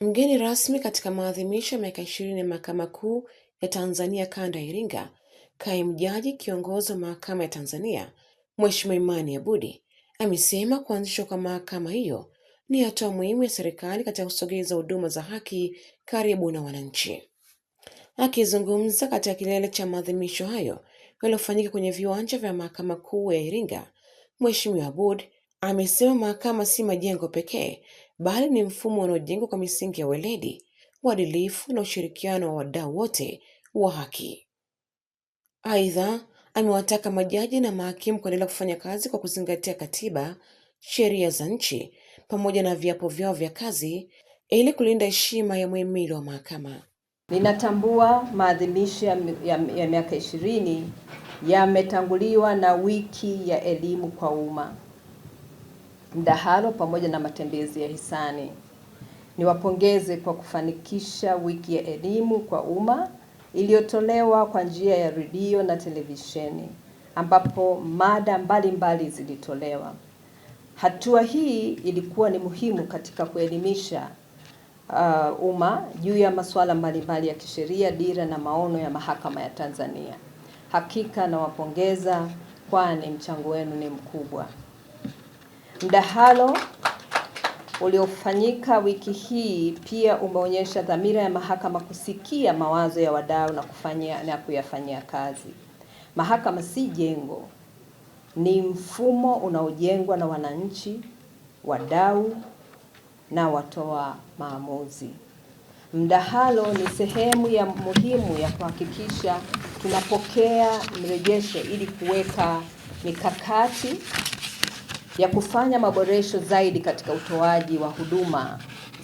Mgeni rasmi katika maadhimisho ya miaka ishirini ya Mahakama Kuu ya Tanzania Kanda ya Iringa, kaimu jaji kiongozi wa Mahakama ya Tanzania Mheshimiwa Imani abudi amesema kuanzishwa kwa mahakama hiyo ni hatua muhimu ya serikali katika kusogeza huduma za haki karibu na wananchi. Akizungumza katika kilele cha maadhimisho hayo yaliyofanyika kwenye viwanja vya Mahakama Kuu ya Iringa, Mheshimiwa abud amesema mahakama si majengo pekee bali ni mfumo unaojengwa kwa misingi ya weledi, uadilifu na ushirikiano wa wadau wote wa haki. Aidha, amewataka majaji na mahakimu kuendelea kufanya kazi kwa kuzingatia katiba, sheria za nchi pamoja na viapo vyao vya kazi ili kulinda heshima ya muhimili wa mahakama. Ninatambua maadhimisho ya miaka ishirini yametanguliwa na wiki ya elimu kwa umma mdahalo pamoja na matembezi ya hisani. Niwapongeze kwa kufanikisha wiki ya elimu kwa umma iliyotolewa kwa njia ya redio na televisheni ambapo mada mbalimbali mbali zilitolewa. Hatua hii ilikuwa ni muhimu katika kuelimisha uh, umma juu ya masuala mbalimbali ya kisheria, dira na maono ya mahakama ya Tanzania. Hakika nawapongeza kwani mchango wenu ni mkubwa. Mdahalo uliofanyika wiki hii pia umeonyesha dhamira ya mahakama kusikia mawazo ya wadau na kufanya na kuyafanyia kazi. Mahakama si jengo, ni mfumo unaojengwa na wananchi, wadau na watoa maamuzi. Mdahalo ni sehemu ya muhimu ya kuhakikisha tunapokea mrejesho ili kuweka mikakati ya kufanya maboresho zaidi katika utoaji wa huduma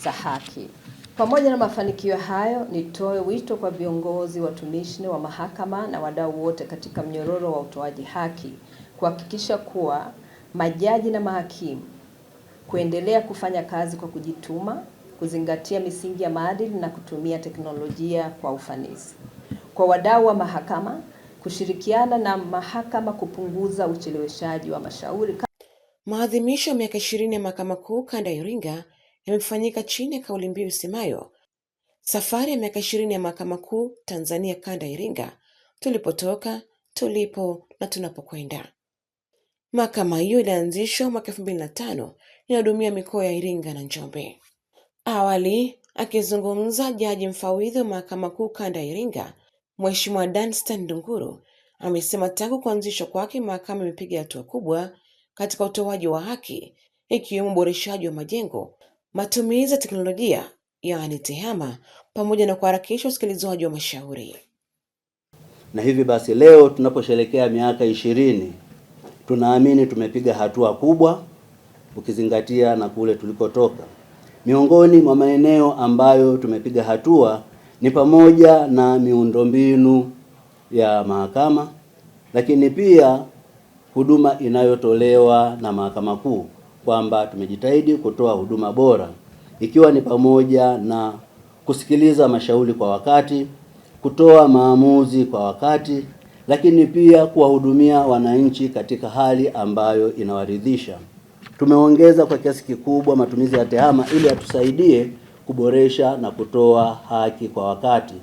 za haki. Pamoja na mafanikio hayo, nitoe wito kwa viongozi, watumishi wa mahakama na wadau wote katika mnyororo wa utoaji haki kuhakikisha kuwa majaji na mahakimu kuendelea kufanya kazi kwa kujituma, kuzingatia misingi ya maadili na kutumia teknolojia kwa ufanisi. Kwa wadau wa mahakama kushirikiana na mahakama kupunguza ucheleweshaji wa mashauri. Maadhimisho ya miaka ishirini ya Mahakama Kuu Kanda ya Iringa yamefanyika chini ya kauli mbiu isemayo safari ya miaka ishirini ya Mahakama Kuu Tanzania Kanda ya Iringa, tulipotoka, tulipo na tunapokwenda. Mahakama hiyo ilianzishwa mwaka elfu mbili na tano inahudumia mikoa ya Iringa na Njombe. Awali akizungumza jaji mfawidhi wa Mahakama Kuu Kanda ya Iringa, Mheshimiwa Danstan Ndunguru amesema tangu kuanzishwa kwake mahakama imepiga hatua kubwa katika utoaji wa haki ikiwemo uboreshaji wa majengo, matumizi ya teknolojia yaani TEHAMA, pamoja na kuharakisha usikilizaji wa mashauri. Na hivi basi leo tunaposherekea miaka ishirini, tunaamini tumepiga hatua kubwa ukizingatia na kule tulikotoka. Miongoni mwa maeneo ambayo tumepiga hatua ni pamoja na miundombinu ya mahakama, lakini pia huduma inayotolewa na Mahakama Kuu kwamba tumejitahidi kutoa huduma bora ikiwa ni pamoja na kusikiliza mashauri kwa wakati, kutoa maamuzi kwa wakati, lakini pia kuwahudumia wananchi katika hali ambayo inawaridhisha. Tumeongeza kwa kiasi kikubwa matumizi ya TEHAMA ili atusaidie kuboresha na kutoa haki kwa wakati,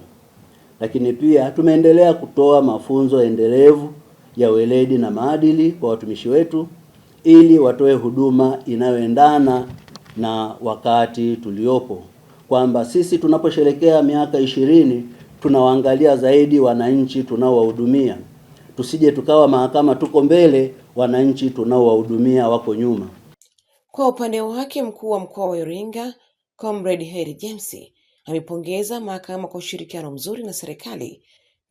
lakini pia tumeendelea kutoa mafunzo endelevu ya weledi na maadili kwa watumishi wetu ili watoe huduma inayoendana na wakati tuliopo, kwamba sisi tunaposherekea miaka ishirini tunawaangalia zaidi wananchi tunaowahudumia, tusije tukawa mahakama tuko mbele, wananchi tunaowahudumia wako nyuma. Kwa upande wake, mkuu wa mkoa wa Iringa Comrade Heri James amepongeza mahakama kwa ushirikiano mzuri na serikali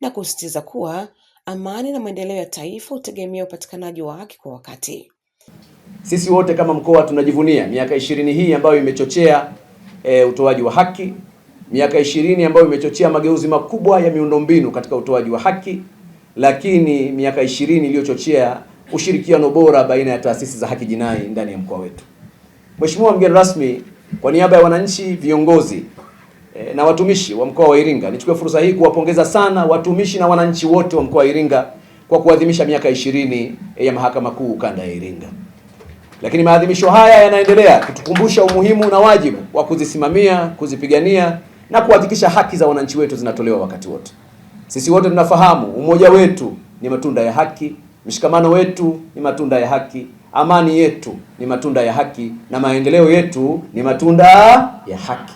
na kusisitiza kuwa amani na maendeleo ya taifa hutegemea upatikanaji wa haki kwa wakati. Sisi wote kama mkoa tunajivunia miaka ishirini hii ambayo imechochea e, utoaji wa haki, miaka ishirini ambayo imechochea mageuzi makubwa ya miundombinu katika utoaji wa haki, lakini miaka ishirini iliyochochea ushirikiano bora baina ya taasisi za haki jinai ndani ya mkoa wetu. Mheshimiwa mgeni rasmi, kwa niaba ya wananchi, viongozi e, na watumishi wa mkoa wa Iringa. Nichukue fursa hii kuwapongeza sana watumishi na wananchi wote wa mkoa wa Iringa kwa kuadhimisha miaka ishirini eh, ya Mahakama Kuu Kanda ya Iringa. Lakini maadhimisho haya yanaendelea kutukumbusha umuhimu na wajibu wa kuzisimamia, kuzipigania na kuhakikisha haki za wananchi wetu zinatolewa wakati wote. Sisi wote tunafahamu umoja wetu ni matunda ya haki, mshikamano wetu ni matunda ya haki, amani yetu ni matunda ya haki na maendeleo yetu ni matunda ya haki.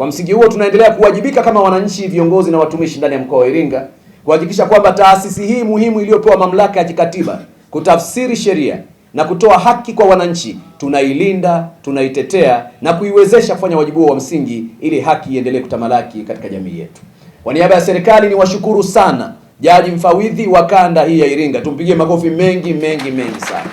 Kwa msingi huo, tunaendelea kuwajibika kama wananchi, viongozi na watumishi ndani ya mkoa wa Iringa kuhakikisha kwamba taasisi hii muhimu iliyopewa mamlaka ya kikatiba kutafsiri sheria na kutoa haki kwa wananchi, tunailinda, tunaitetea na kuiwezesha kufanya wajibu wa msingi ili haki iendelee kutamalaki katika jamii yetu. Kwa niaba ya serikali ni washukuru sana Jaji mfawidhi wa kanda hii ya Iringa, tumpigie makofi mengi mengi mengi sana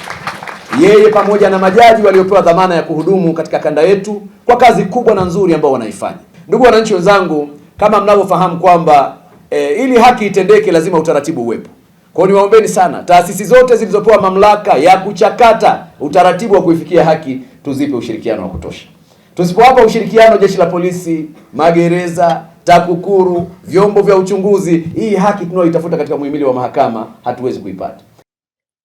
yeye pamoja na majaji waliopewa dhamana ya kuhudumu katika kanda yetu kwa kazi kubwa na nzuri ambayo wanaifanya. Ndugu wananchi wenzangu, kama mnavyofahamu kwamba e, ili haki itendeke lazima utaratibu uwepo. Kwa hiyo niwaombeni sana taasisi zote zilizopewa mamlaka ya kuchakata utaratibu wa kuifikia haki tuzipe ushirikiano wa kutosha. Tusipowapa ushirikiano jeshi la polisi, magereza, TAKUKURU, vyombo vya uchunguzi, hii haki tunayoitafuta katika muhimili wa mahakama hatuwezi kuipata.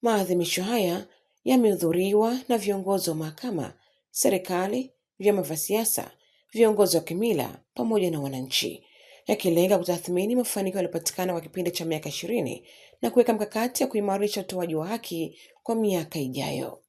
Maadhimisho haya yamehudhuriwa na viongozi wa mahakama, serikali, vyama vya siasa, viongozi wa kimila pamoja na wananchi, yakilenga kutathmini mafanikio yaliyopatikana kwa kipindi cha miaka ishirini na kuweka mkakati ya kuimarisha utoaji wa haki kwa miaka ijayo.